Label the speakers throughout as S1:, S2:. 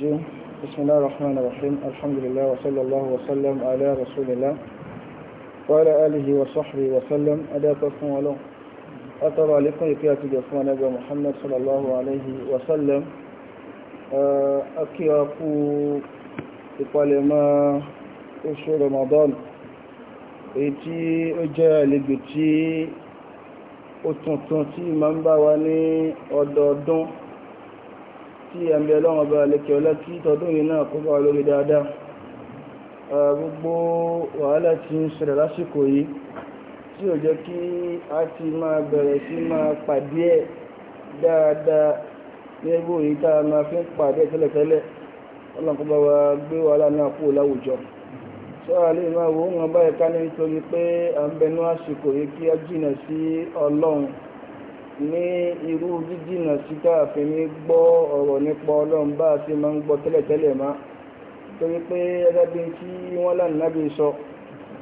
S1: الرجيم بسم الله الرحمن الرحيم الحمد لله وصلى الله وسلم على رسول الله وعلى آله وصحبه وسلم أداة ولو أترى لكم يكياتي جفوان أبو محمد صلى الله عليه وسلم أكي أكو إقالما oṣù Ramadan èyí tí ó jẹ́ àlejò tí ó tí ẹ̀mí ọlọ́run ọba ẹlẹ́kẹ̀ ọlá kí tọdún yìí náà kó bá lórí dáadáa gbogbo wàhálà tí ń ṣẹlẹ̀ lásìkò yìí tí ò jẹ́ kí a ti máa bẹ̀rẹ̀ sí máa pàdé ẹ̀ dáadáa ní ẹgbẹ́ òyìn tá a máa fi ń pàdé tẹ́lẹ̀tẹ́lẹ̀ ọlọ́run kó bá wa gbé wàhálà náà kúrò láwùjọ sọ́ra lè máa wo ń báyìí ká ní nítorí pé à a jìnà sí ní irú jíjìnà sí káàfin ní gbọ́ ọ̀rọ̀ nípa ọlọ́run bá a ti máa ń gbọ́ tẹ́lẹ̀tẹ́lẹ̀ má torí pé ẹgbẹ́ bí tí wọ́n lànàbí sọ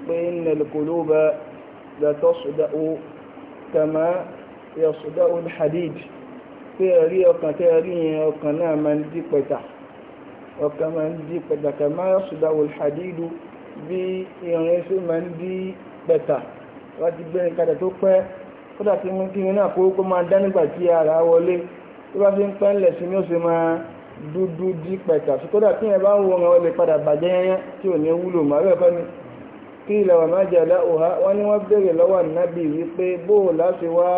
S1: pé nnẹ̀lẹ̀kọ̀lóba dàtọ́ sùdáwó kàmá yasùdáwó hadid pé ẹ̀rí ọkàn tẹ́ rí yẹn ọkàn náà máa ń dí pẹ̀tà ọkàn máa ń dí pẹ̀tà kàmá yasùdáwó hadidu bí irin sí máa ń dí pẹ̀tà láti gbẹ́rin kadà tó pẹ́ kódà kí ní kíni náà kó máa dá nígbà tí ara wọlé tó bá fi ń pẹ́ ńlẹ̀ sí ni ó sì máa dúdú dí pẹ̀tà sí kódà kí yẹn bá ń wo ọmọ lè padà bàjẹ́ yẹn tí ò ní wúlò mọ́ fẹ́ ni kí ilẹ̀ wà máa jẹ̀lá òhá wọ́n ní wọ́n béèrè lọ́wọ́ ànábì wípé bó o láti wá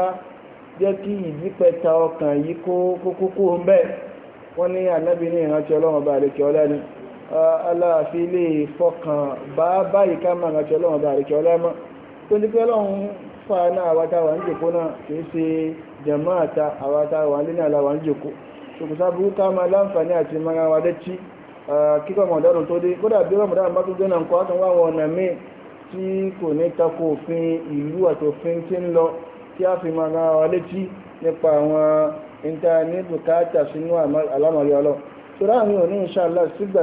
S1: jẹ́ kí ìdí pẹ̀tà ọkàn yìí kó kókó ń bẹ́ẹ̀ wọ́n ní ànábì ní ìrántí ọlọ́run ọba àlekè ọlá ni aláàfin ilé ìfọkàn bá báyìí ká máa ìrántí ọlọ́run ọba àlekè ọlá mọ́ tó ní pé ọlọ́run àfà náà àwátáwà ń jòkó náà kìí ṣe jamaata àwátáwà lé náà láwà ń jòkó ṣòkòsá burúkú máa láǹfààní àti mara wa dẹ́tí kíkọ́ mọ̀dọ́rùn tó dé kódà bí rọ̀mọ̀dọ́rùn bá tún dé náà nǹkan àtàn wà wọn ọ̀nà míì tí kò ní tako òfin ìlú àtòfin tí ń lọ tí a fi mara wa létí nípa àwọn ìntàní bùkátà sínú àlámọ̀rí ọlọ́ àwọn òní ìṣàlá sígbà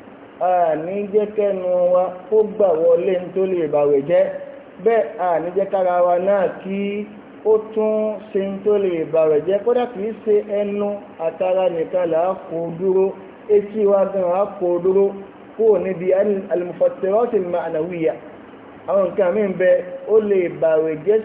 S1: àní jẹ́ wa kó gbà wọlé tó lè bàwẹ̀ jẹ́ bẹ́ẹ̀ àní jẹ́ wa náà kí ó tún ṣe tó lè bàwẹ̀ jẹ́ kódà kìí ṣe ẹnu àtara nìkan là á kó dúró etí wa gan á kó dúró kúrò níbi alimufatirọ́tì ma'anawiya àwọn nǹkan mi ń bẹ ó lè bàwẹ̀ jẹ́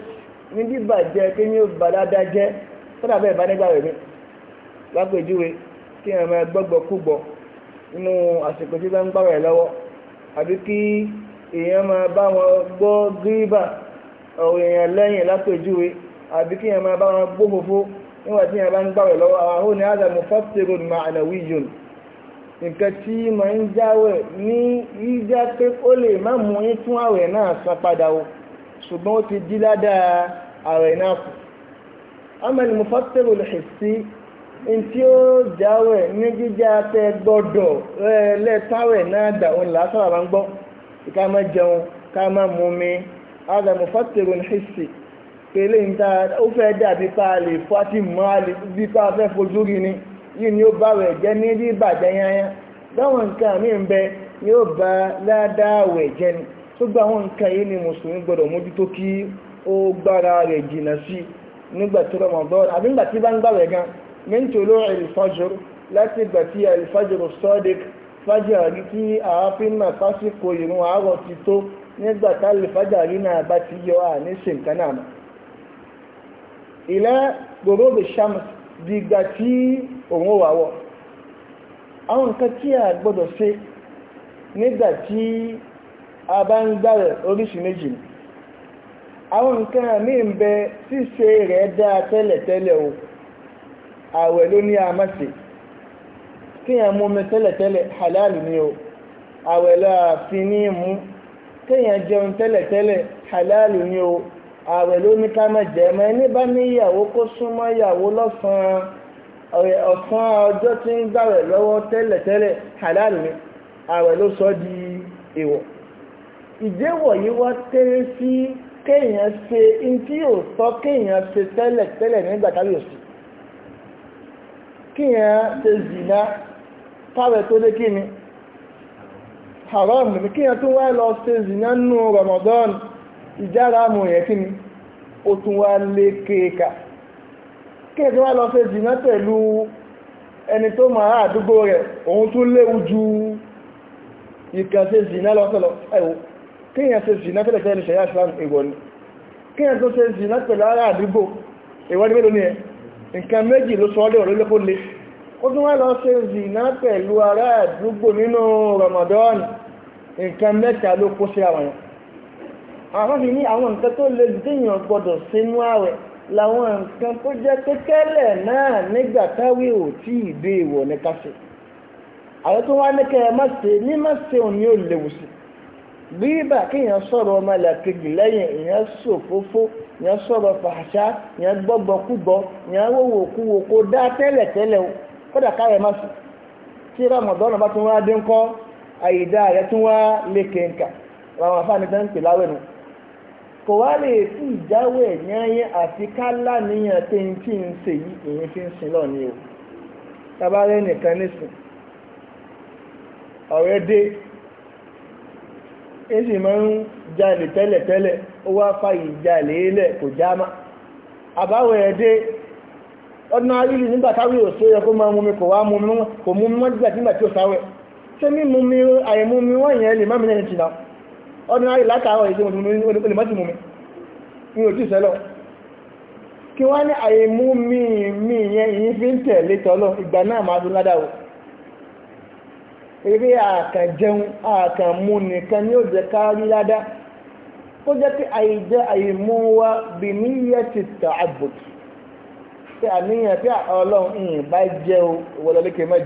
S1: nínú àsìkò tí bá ń gbára ẹ̀ lọ́wọ́ àbí kí èèyàn máa bá wọn gbọ́ gíríbà ọ̀rọ̀ èèyàn lẹ́yìn lápèjúwe àbí kí èèyàn máa bá wọn gbó fòfó nígbà tí èèyàn bá ń gbára ẹ̀ lọ́wọ́ àwọn òní àdàmú fásitìrún máa ànà wíjùn nǹkan tí máa ń jáwẹ̀ ní yíjá pé ó lè má mú yín tún àwẹ̀ náà san padà o ṣùgbọ́n ó ti dí ládàá àwẹ̀ náà kù. amẹ́ni mo fásitìrún lè ṣe sí ntí ó jáwẹ̀ ní jíjá tẹ gbọ́dọ̀ lẹ́tàwẹ̀ náà dà òun là á sábà máa ń gbọ́ ká máa jẹun ká máa mú mi ní pèlè ta ó fẹ́ dàbí pa lè fọ́ mọ́ àlè bí pa fẹ́ fojú rí ni yìí ni ó bá wẹ̀ jẹ́ ní bí yányá báwọn nǹkan mi ń bẹ bá jẹ́ ni tó gba àwọn nǹkan yìí ni mùsùlùmí gbọ́dọ̀ mójútó kí ó gbára rẹ̀ jìnnà sí nígbà tí àbí nígbà tí bá ń gbàwẹ̀ gan min tulu alfajr láti gbà tí alfajr sadiq fajari tí àáfin máa pásíkò ìrún àárọ̀ ti tó nígbà tá alfajari náà bá ti yọ à ní ṣìǹkan náà ila gòròbì shams dìgbà tí òun wà wọ̀ àwọn nǹkan tí a gbọ́dọ̀ ṣe nígbà tí a bá ń gbàrẹ̀ oríṣi méjì ni àwọn nǹkan míì ń bẹ ṣíṣe rẹ̀ dáa tẹ́lẹ̀tẹ́lẹ̀ o àwẹ̀ ló ní a má ṣe kíyàn mú mi tẹ́lẹ̀tẹ́lẹ̀ halálù ni o àwẹ̀ láàfin ní mú kíyàn jẹun tẹ́lẹ̀tẹ́lẹ̀ halálù ni o àwẹ̀ ló ní ká má jẹ mọ́ ẹni bá níyàwó kó súnmọ́ ìyàwó lọ́sàn-án ọ̀sán ọjọ́ tí ń gbàwẹ̀ lọ́wọ́ tẹ́lẹ̀tẹ́lẹ̀ halálù ni àwẹ̀ ló sọ di èèwọ̀ ìdéwọ̀ yìí wá tẹ́lẹ̀ sí kéèyàn kíyàn ṣe zìnà tábẹ̀ tó dé kíni haram ní kíyàn tún wá lọ ṣe zìnà nù Ramadan ìjára mú yẹn kíni ó tún wá lé kéèkà kíyàn tún wá lọ ṣe zìnà pẹ̀lú ẹni tó máa àdúgbò rẹ̀ òun tún léwu ju ìkàn ṣe zìnà lọ́sọ̀lọ́ kíyàn ṣe zìnà tẹ́lẹ̀ ṣẹ̀yà Islam ni kíyàn tún ṣe zìnà pẹ̀lú ará àdúgbò ìwọ́n ni mélòó ni ẹ̀ nǹkan méjì ló sọ ọ́dẹ̀ òrólé kó le ó tún wá lọ ṣe zìnà pẹ̀lú ará àdúgbò nínú Ramadan nǹkan mẹ́ta ló kó sí àwọn yẹn àwọn fi ní àwọn nǹkan tó le déèyàn gbọdọ̀ sínú ààwẹ̀ làwọn nǹkan tó jẹ́ pé tẹ́lẹ̀ náà nígbà táwé ò tí ì ní káṣe ni ó bí ibà kí èèyàn sọ̀rọ̀ ọmọ ẹlẹ́kejì lẹ́yìn èèyàn sòfófó èèyàn sọ̀rọ̀ fàṣà èèyàn gbọ́gbọ́kúgbọ́ èèyàn wòwò kúwò kó dá tẹ́lẹ̀tẹ́lẹ̀ o kódà káyọ̀ má sùn tí ramadan bá tún wá dé àyídá rẹ̀ tún wá lé kéńkà àwọn afáàní tó ń pè láwẹ̀ nù kò wá lè tí ìjáwé àti kálá níyàn tí n tí ń fi ń sin o tabarẹ́ ezi ma ń jalè tẹ́lẹ̀tẹ́lẹ̀ ó wá fàyè jalè lẹ̀ kò já má àbáwọ̀ ẹ̀ ọdún ayílì nígbà ò sóyẹ kó máa mumi kò wá mumi kò mumi wọn nígbà tí ó sáwẹ̀ ṣé ní mumi àìmumi wọn yẹn lè má mi lẹ́yìn ọdún ayílì látàárọ̀ èdè olè mọ́tì eré àkànjẹun àkànmú nìkan ni ó jẹ rí ládá ó jẹ́ pé àìjẹ àìmú wa bí níyẹ ti tà àbòtù pé àníyàn pé ọlọ́run ń bá jẹ́ o ìwọlọ́lékè má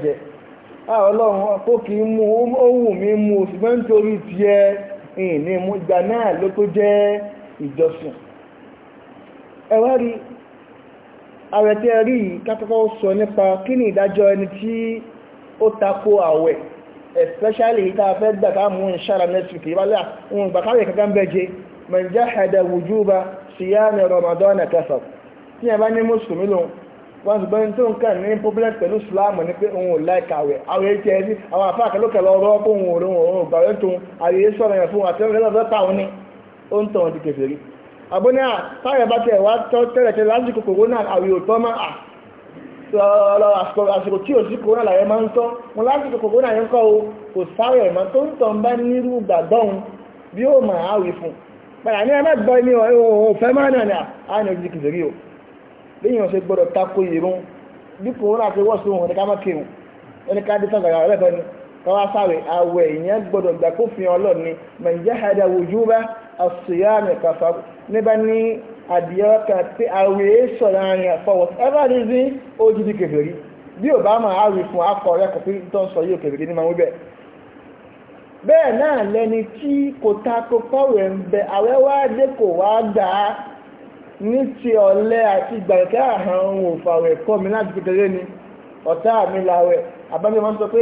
S1: ọlọ́run kó kì í mú ó wù mí mú o ṣùgbọ́n nítorí tiẹ̀ ìní mú ìgbà náà ló tó ìjọsìn ẹ wá rí ààrẹ rí sọ nípa kí ni ìdájọ́ ẹni tí ó tako especially ìta fẹ́ gbà ká mú ìṣára next week ìbálẹ̀ òun gbà káwé kankan bẹ́ẹ̀ jẹ man jahada wujuba siyami ramadan kẹfà tí a bá ní mùsùlùmí lòun wọ́n ti gbọ́n tó nǹkan ní problem pẹ̀lú sùlámù ni pé òun ò láìka àwẹ̀ àwẹ̀ etí ẹ sí àwọn àfa àkàlùkẹ̀ lọ rọ́ fún òun òun òun ògbà rẹ̀ tóun àyè sọ̀rọ̀ yẹn fún àti ọ̀rẹ́ lọ́dọ̀ ó ń tàn ọ́n di kẹfẹ́ rí. àbúrò táyà bá tẹ̀ wá tẹ́lẹ̀ tẹ́lẹ̀ lásìkò kòkó náà àwẹ̀ òtọ́ máa sọ̀rọ̀ àsìkò tí ò sí kòrónà làwọn máa ń tọ́ wọn lásìkò kòrónà yẹn kọ́ o kò sáré ẹ̀mọ́ tó ń tàn bá nírú gbàgbọ́n bí ó mà á wí fún padà ní ẹ̀mẹ́ gbọ́ ní òfẹ́ máa nà ní àánú ojú kìfèrí o léyìn ọ̀sẹ̀ gbọ́dọ̀ tako ìrún bí kòrónà ti wọ́ sí òun ní ká má kéwù ẹni ká dé sàgbàgbà ẹlẹ́fẹ́ ni kọ́wá sáré àwẹ̀ ìyẹn gbọ́dọ̀ gbà kófin ọlọ́ọ̀ni mẹ̀jẹ́ àdìọ́kàn tí àwẹ̀ sọ̀rọ̀ àyàn for whatever reason ó di kèfèrí bí ò bá máa àwẹ̀ fún akọ̀rẹ́ kòfin tó ń sọ yóò ní máa wí bẹ́ẹ̀ bẹ́ẹ̀ náà lẹni tí kò tako pọ́wẹ̀ ń bẹ wá dé kò wá gbà á ní ti ọ̀lẹ àti gbàgbẹ́ àhàn ohun òfàwẹ̀ kọ́ mi láti kékeré ni ọ̀tá mi làwẹ̀ àbámi sọ pé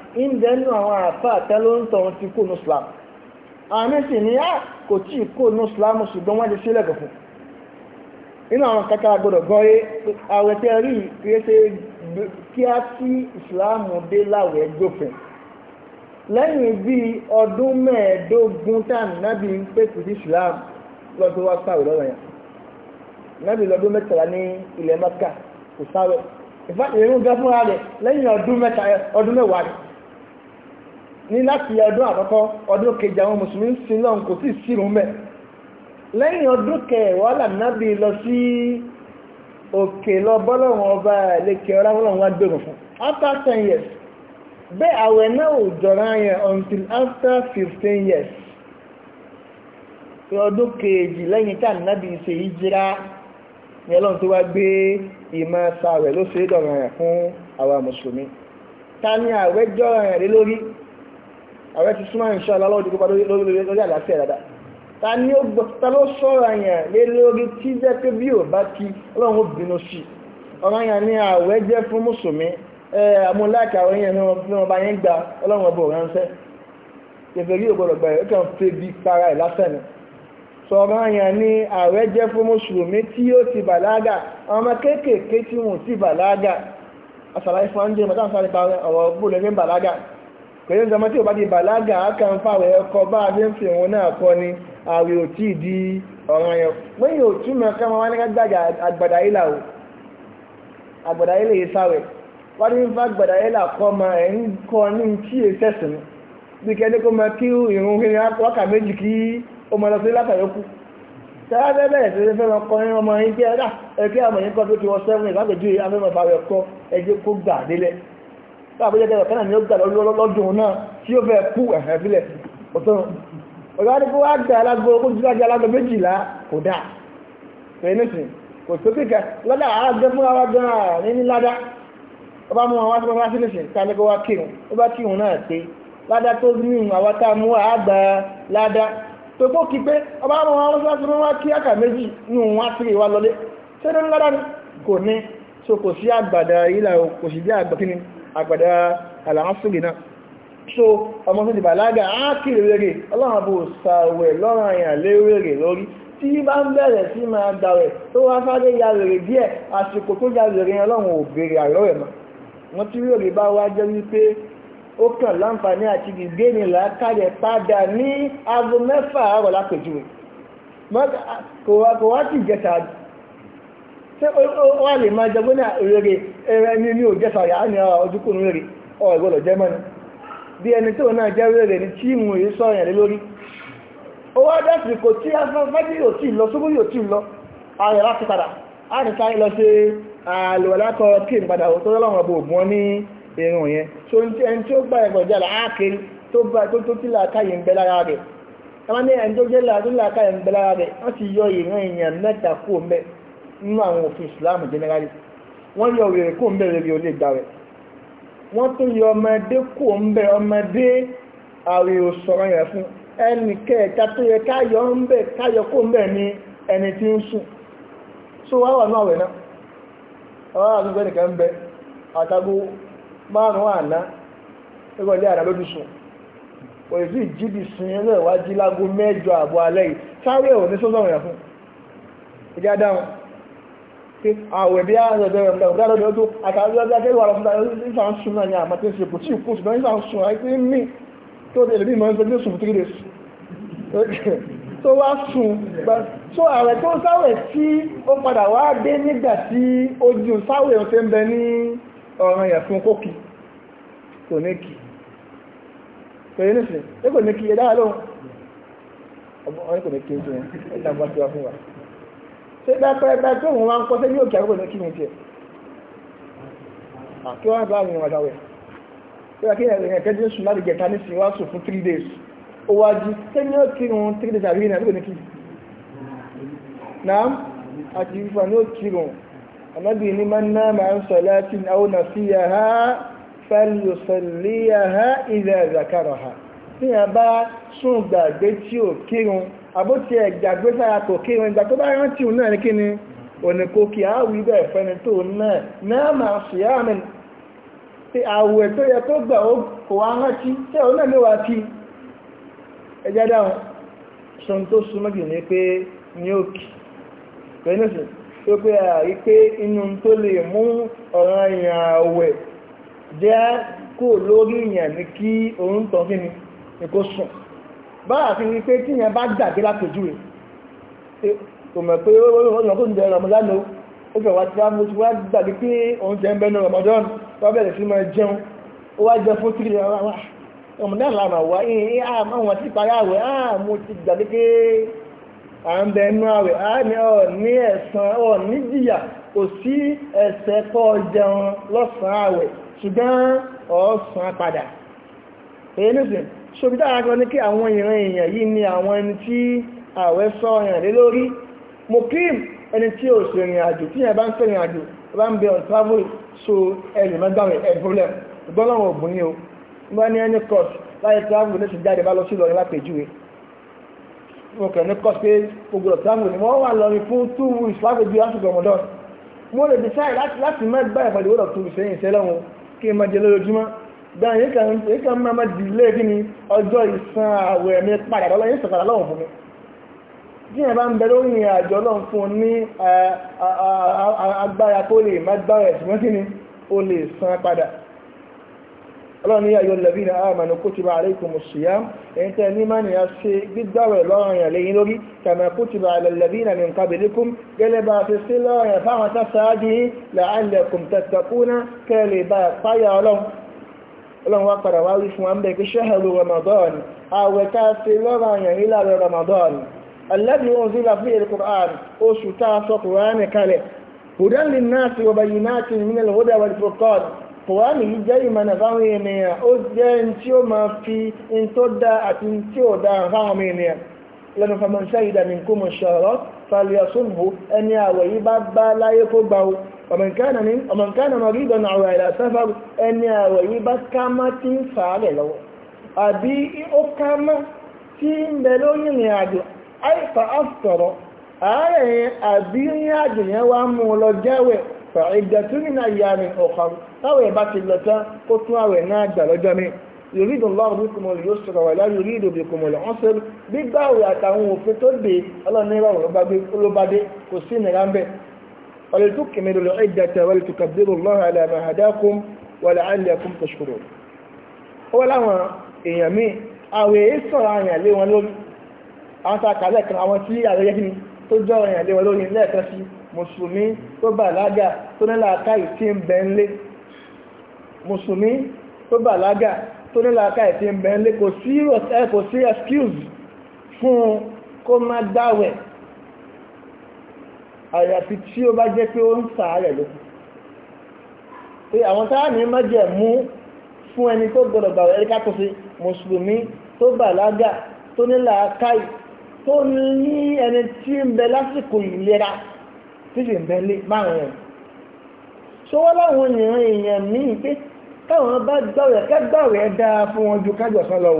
S1: ìbẹ́nu àwọn àfa àtẹ́ló ń tọ̀hún ti kó nu Islam àmì sì ní á ah, kò tí ì kó nu Islam ṣùgbọ́n wọ́n ti sílẹ̀ kọ̀ fún inú àwọn kẹta gbọdọ̀ gbọ́ yé àwẹ̀ tẹ́ rí ìkéṣe kí á sí Islam dé láwẹ̀ gbófin lẹ́yìn bíi ọdún mẹ́ẹ̀ẹ́dógún táàmì nábì ń pèsè sí Islam lọ́dún wá sáwẹ̀ lọ́rọ̀ yẹn nábì lọ́dún mẹ́tàlá ní ilẹ̀ Mẹ́kà kò sáwẹ̀ ìfàtìlẹ́nu gẹ́fúnra rẹ̀ lẹ́yìn ọdún mẹ́wàá rẹ̀ ní láti ọdún àkọ́kọ́ ọdún kejì àwọn mùsùlùmí sí náà kò sí sírùn mẹ́ lẹ́yìn ọdún kẹwàá lànàbí lọ sí òkè lọ bọ́lọ̀wọ̀n ọba lẹ́kẹ̀ after ten years bẹ́ẹ̀ àwẹ̀ náà ò until after fifteen years ọdún kejì lẹ́yìn tí ànàbí ṣe ìjìrá ní ọlọ́run tó wá gbé ìmọ̀ sáwẹ̀ ló ṣe é dọ̀rọ̀ yẹn fún àwa mùsùlùmí ta ni àwẹ̀ jọra lórí ààrẹ ti súnmọ́ ìṣọ́ aláwọ̀ dìgbò lórí lórí àlàáfíà dáadáa ta ni ó gbọ́ ta ló sọ̀rọ̀ yẹn lé lórí tí jẹ́ pé bí ò bá kí ọlọ́run bínú sí ọ̀rọ̀ yẹn ni ààwẹ̀ jẹ́ fún mùsùlùmí amúláàkì ààwẹ̀ yẹn ni wọ́n bá yẹn gba ọlọ́run ọbọ̀ ránṣẹ́ kẹfẹ́rí ò gbọ́dọ̀ gbà ẹ̀ kàn fẹ́ bí para ẹ̀ lásán ni sọ̀rọ̀ yẹn ni ààwẹ̀ jẹ́ fún mùsùlùmí tí ó ti bàlágà ọmọ kéékèèké tí wọn ò ti bàlágà àṣàlàyé fún pẹ̀lú ìjọmọ́ tí ò bá di bàlágà ákàn fàwẹ̀ ẹkọ bá abẹ́ ń fi òun náà kọ ni àwẹ̀ ò tí ì di ọ̀ràn yẹn wọ́n yóò túmọ̀ ká wọn wá ní gbàgbà àgbàdá ilà o àgbàdá ilà yìí sáwẹ̀ wọ́n ní fún àgbàdá ilà kọ́ ma ẹ̀ ń kọ́ ní tí è sẹ̀sìn bí kẹ́ni kó ma kí irun kí wákà méjì kí ó ma lọ sí látàyókù tẹ́lá bẹ́ẹ̀ bẹ́ẹ̀ sí fẹ́ máa kọrin ọmọ yín kí ẹ láàbójẹ́ tẹ́lẹ̀ kánà ni ó gbà lọ́dún náà tí ó fẹ́ kú ẹ̀hẹ́ sílẹ̀ ọ̀tọ́ ọ̀gá ní kó wá gbà alágbó kó jí lájá alágbó méjìlá kò dà fẹ́nìsìn kò tó kíkà lọ́dà alágbó fún wa gan ní ní ládá ó bá mú wa wá sí wá sílẹ̀sìn ká ní kó wá kírun ó bá kírun náà pé ládá tó ní àwa tá a mú àgbà ládá kí pé ó bá mú wa wá sí wá kí àkà méjì ní òun wá sí ìwà lọlé ṣé ní ládá kò ní so kò sí àgbàdà ilà kò sì jẹ́ àgbàdá àlàáfíì náà so ọmọ tó ti bàlágà á kìrì rẹ̀ ọlọ́run bó sàwẹ̀ lọ́rọ̀ àyàn lérè lórí tí bá ń bẹ̀rẹ̀ sí máa dà rẹ̀ tó wá sáré ya rèrè díẹ̀ àsìkò tó ya rèrè yẹn ọlọ́run ò béèrè àrọ́ rẹ̀ mọ́ wọn tí rèrè bá wá jẹ́ wípé ó kàn láǹfààní àti gbígbé ní làákàyè padà ní aago mẹ́fà àárọ̀ lápèjúwe kò wá ṣé wà lè máa jẹgbẹ́ ní òrèrè ẹni ní ò jẹ́sà yà á ní ojúkùn rèrè ọ̀ ìgbọ́dọ̀ jẹ́ mọ́ni bí ẹni tí òun náà jẹ́ rèrè ní tí ìmú yìí sọ ìyàn lé lórí ó wá dẹ́sì kò tí afẹ́fẹ́ yóò tí lọ ṣubú yóò tí lọ ààrẹ láti padà á ní sáré lọ sí àlùwàlákọ kí n padà tó lọ́wọ́ bò mọ́ ní irun yẹn tó ń tí ẹni tí ó gbà ẹ̀gbọ̀n jẹ́ àákiri tó bá tó tó tí làákàyè ń bẹ lára rẹ̀ ẹni tó jẹ́ làákàyè ń bẹ lára rẹ̀ wọ́n ti yọ ìran èèyàn mẹ́ta nínú àwọn òfin ìsìláàmù generally wọ́n yọ wèrè kó ń bẹ̀rẹ̀ rí olè gbà rẹ̀ wọ́n tún yọ ọmọdé kó ń bẹ̀ ọmọdé àwẹ̀ òsọ̀rọ̀ yẹn fún ẹnì kẹta tó yẹ káyọ ń bẹ̀ káyọ kó ń bẹ̀ ní ẹni tí ń sùn so wá wà náà wẹ̀ náà ọ̀rọ̀ nìkan ń bẹ márùn-ún àná àná lójú sùn ìjíbi ẹlẹ́wàá jí mẹ́jọ àbọ̀ alẹ́ yìí sáré òní fún àwẹ̀ ah, bí ààrẹ̀bẹ̀rẹ̀ ọ̀gáàrẹ̀ ọdún àtàríọ́gbẹ́ akẹ́wà ọ̀fúnta ìfà ń súnmọ́ ní àmà tí ó ṣe kò tí kò ṣùgbọ́n ìfà ń sún àìsí mí tó dẹ̀ lè bí mọ́ ẹgbẹ́ sùn three days tó wá sùn so ààrẹ tó sáwẹ̀ tí ó padà wá dé nígbà tí ó jù sáwẹ̀ tó ń bẹ ní ọ̀ràn yẹ̀ fún kókì kò ní kì kò ní kì ẹ̀dá lóhun ọ̀rẹ́ kò ní kì ṣé pẹ́pẹ́pẹ́ tó wọ́n wá ń kọ́ sí yóò kí àgbẹ̀ kí ni tiẹ̀ ah, kí wọ́n bá àwọn ìwàdà wẹ̀ tí wọ́n kí ni ẹ̀rìn ẹ̀kẹ́ jésù láti jẹ̀ta ní sí wá fún three days ó wá jí ṣé ní ó kí wọn three days àbí ìrìnàjò ní kí náà àti ìfà ní ó kí wọn ní máa ná máa ń sọ láti àwọn nàfíà ha fẹ́lùsọ̀lẹ́yà àbótí ẹ̀gbàgbé sára kò kí wọn ìgbà tó bá rántí òun náà ní kíni òníkó kí á wí tó náà náà máa ṣe àmì tí àwẹ̀ tó yẹ tó gbà ó wá rántí tẹ́ òun náà ló kí ẹjá dáhùn tó súnmọ́ jù ní pé ní òkè tó pé àrí pé inú tó lè mú ọ̀ràn ìyàn àwẹ̀ ni sùn bára fi rí pé tíyẹn bá gbàgbé lápèjúwe kò mọ̀ pé ọ̀nà tó ń jẹ Ramadan ó fẹ́ wá tíra mo ti wá gbàgbé pé òun jẹ ń bẹnu Ramadan tó bẹ̀rẹ̀ sí máa jẹun ó wá jẹ fún tíri Ramadan lànà wá ìhìn àwọn ti parí àwẹ̀ mo ti gbàgbé pé à ń bẹ inú àwẹ̀ ní ẹ̀sán ọ̀ níjìyà kò sí ẹ̀ṣẹ̀ kọ́ jẹun lọ́sàn-án àwẹ̀ ṣùgbọ́n ọ̀sán padà èyí nìsín So dára kan ní kí àwọn ìran èèyàn yìí ni àwọn ẹni tí ààwẹ̀ sọ ìrìn lé lórí mokim ẹni tí ò sí ìrìn àjò tí yẹn bá ń sẹ́rìn àjò bá ń bẹ on travel so ẹ̀rì mẹ́gbàmì ẹ̀ problem ìgbọ́lọ́wọ̀ ògùn ni o wọ́n ní ẹni cost láyé travel lè ṣe jáde bá lọ sí lọ́rin lápèjúwe mo cost pé gbogbo travel ni wọ́n wà lọ́rin fún two weeks lápèjú lásìkò ọmọdọ́n mo lè decide láti mẹ́gbà ìpàdé wọ́n lọ two weeks sẹ́yìn sẹ́lẹ̀ wọn kí n máa jẹ lójoojúmọ́ gbọ́n yìí kan yìí kan máa ma dìlé kí ni ọjọ́ ìsan àwẹ̀ mi padà lọ́wọ́ yìí sọ̀kàlà lọ́wọ́ fún mi tí yẹn bá ń bẹ lórí ìrìn àjò ọlọ́run fún un ní agbára tó lè má gbára ẹ̀ ṣùgbọ́n kí ni ó lè san padà ọlọ́run ní ayọ̀ lẹ́bí ní àmàlù kutiba alaykumu siyam ẹ̀yìn tẹ́ ní máa nìyà ṣe gbígbàwẹ̀ bá fi sí lọ́rùn yàn fáwọn tá sáájú yìí la'allakum tattaquna ọlọ́run wá padà wá wí fún wa ń bẹ̀ pé ṣẹ́hẹ̀lú ramadan ààwẹ̀ ká ṣe lọ́rọ̀ àyàn yìí láàrẹ ramadan alẹ́bí wọn sí la fíyẹ̀ qur'an oṣù tá a sọ qur'an kalẹ̀ hudan lin nas wa bayyinatin min al-huda wal furqan qur'an yìí jẹ́ ìmọ̀nà fáwọn ènìyàn ó jẹ́ ومن كان من ومن كان مريضا او على سفر ان يروي بكامتين فارلو ابي اوكام تين بلون يعد اي فافطر اي ابي يعد يوام لو جاوي فعدة من ايام اخر او يبات لتا كتوا ونادى لجميع يريد الله بكم اليسر ولا يريد بكم العسر gbígbàwé àtàwọn òfin tó dé ọlọ́run ní ìwà òrùbá gbé kó sí ìnira ń bẹ̀ ولتكملوا العدة ولتكبروا الله على ما هداكم ولعلكم تشكرون هو لما إيامي أو يسر عن يلي ولون أنت كذلك أو تي على يدي تجوا عن يلي ولون لا كسي مسلمين وبلاغة تنلا كاي تيم بنلي مسلمين وبلاغة تنلا كاي تيم بنلي كسي وسأ كسي excuse fún kó má dáwẹ̀ àyàfi tí ó bá jẹ́ pé ó ń sàárẹ̀ ló pé àwọn táàmì mọ́jẹ̀ mú fún ẹni tó gbọdọ̀ gbàwẹ̀ ẹ̀ríkà tó fi mùsùlùmí tó bàlágà tó ní làákàì tó ní ẹni tí ń bẹ lásìkò ìlera tí sì ń bẹ lé márùn ẹ̀ ṣọwọ́ láwọn èèyàn èèyàn míì pé káwọn bá gbàwẹ̀ kágbàwẹ̀ dáa fún wọn ju kájọ̀sán lọ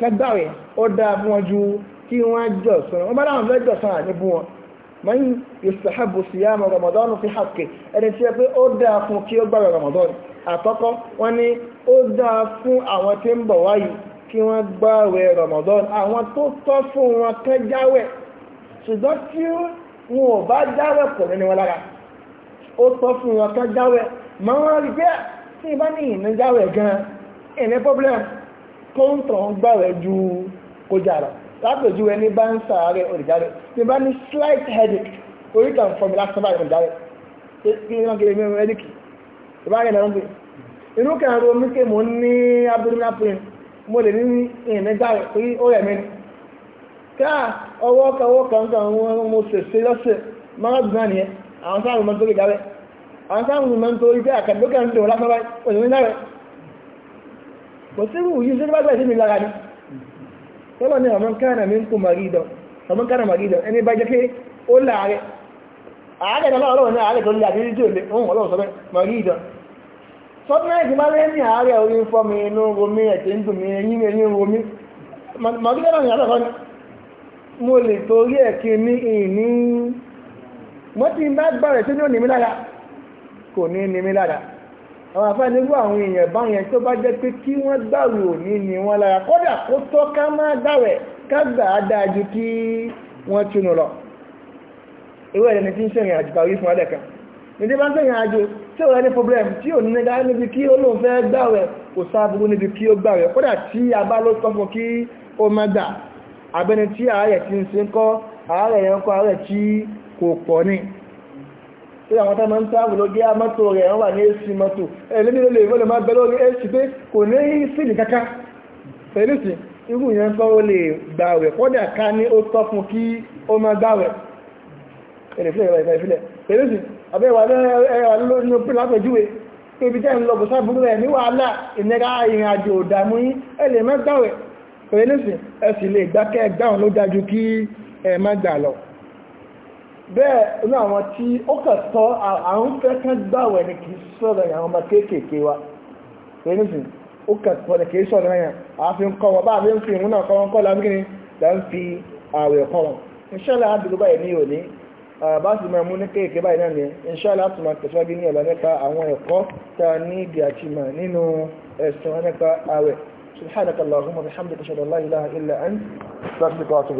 S1: kágbàwẹ̀ ó dáa fún wọn ju kí wọ́n jọ̀sán wọ́n bá láwọn fẹ́ jọ̀sán àníbú wọn man yustahabu siyama رمضان في haqqi ẹni tí ó pé ó dáa fún kí ó gbára ramadan àkọ́kọ́ wọ́n ní ó dáa fún àwọn tí ń bọ̀ wáyìí kí wọ́n gbáwẹ̀ ramadan àwọn tó tọ́ fún wọn kẹ́ jáwẹ̀ ṣùgbọ́n tí wọn ò bá jáwẹ̀ pọ̀ nínú wọn lára ó tọ́ fún wọn ma wọ́n rí pé tí ìbá ní ìní jáwẹ̀ gan-an problem kó ń tàn ju kó jára látòjú ẹni bá ń sàárẹ̀ olùdarí tí bá ní slight headache orí kan fọmi lásán báyìí olùdarí kí ni wọ́n kiri mi headache tí bá rẹ̀ náà ń bè inú kan ro mi pé mo ní abdominal pain mo lè ní ìrìnàjà rẹ̀ torí ó rẹ̀ mí ni káà ọwọ́ kan ọwọ́ kan kan mo ṣèṣe lọ́sẹ̀ márùn-ún náà nìyẹn àwọn sáà mo tó lè dárẹ̀ àwọn sáà mo tó lè pé àkàndókè ń dùn lásán báyìí òṣèlú náà rẹ̀ kò sí irú yìí sí tọ́lọ̀ ní ọmọ kánà mi ń kú maridan ọmọ kánà maridan ẹni bá jẹ́ pé ó láàrẹ ààrẹ náà ọlọ́run náà ààrẹ tó lè àdéjì tí ò lè ohun ọlọ́run sọ́bẹ̀ maridan sọ́túnrẹ́sì máa lé ní ààrẹ orí ń fọ́ romi ẹ̀tẹ́ ń dùn mi romi maridan náà ni mo lè torí ẹ̀ kí ní ìní wọ́n ti bá gbọ́rẹ̀ sí ní ò ní àwọn àfáàní irú àwọn èèyàn báyẹn tó bá jẹ́ pé kí wọ́n gbàwẹ̀ òní ni wọ́n lára kódà kó tọ́ ká má gbàwẹ̀ ká gbà á dáa ju kí wọ́n túnú lọ irú ẹ̀rẹ́ ni tí ń sẹ̀rìn àjò tàwí fún ọlẹ́kan níbi bá ń sẹ̀rìn àjò tí ò rẹ̀ ní problem tí ò ní nígbà níbi kí ó lóun fẹ́ gbàwẹ̀ kò sáàbùrú níbi kí ó gbàwẹ̀ kódà tí a bá ló tọ́ fún kí ó má gbà abẹ́ni tí ààrẹ ti ń se ń kọ́ ààrẹ yẹn kọ́ ààrẹ tí kò pọ̀ ní pé àwọn tó máa ń táàbù ló gé mọ́tò rẹ̀ wọ́n wà ní ac mọ́tò ẹlẹ́ni ló lè wọ́n lè máa bẹ lórí ac pé kò ní sílì kankan pẹ̀lúsì irú yẹn kọ́ ó lè gbà rẹ̀ kọ́dà ká ní ó tọ́ fún kí ó máa gbà rẹ̀ pẹ̀lúsì àbẹ́wà lórí lápẹjúwe ibi tẹ́ ń lọ bùsá burú ẹ̀ ní wàhálà ìnira ìrìn àjò òdàmú yí ẹ lè má gbà rẹ̀ pẹ̀lúsì ẹ sì lè gbákẹ́ gbà wọn ló dájú kí ẹ má gbà lọ bẹ́ẹ̀ ní àwọn tí ó kẹtọ́ àwọn fẹ́kẹ́ gbàwẹ̀ ni kì í sọ̀rọ̀ àwọn ọmọ kéékèèké wa lẹ́nìsìn ó kẹtọ́ ni kì í sọ̀rọ̀ yẹn àáfin kọ́ wọn bá àbí ń fi ìwúnà kọ́ wọn kọ́ lámìkìní là ń fi àwẹ̀ kọ́ wọn inṣẹ́lẹ̀ àdúgbò báyìí ní òní bá sì máa ní kéèké ni inṣẹ́lẹ̀ àtùmọ̀ tẹ̀síwájú ní ọ̀la nípa àwọn ẹ̀kọ́ tá a ní ìdí àti mà nínú ẹ̀sùn illa anta astaghfiruka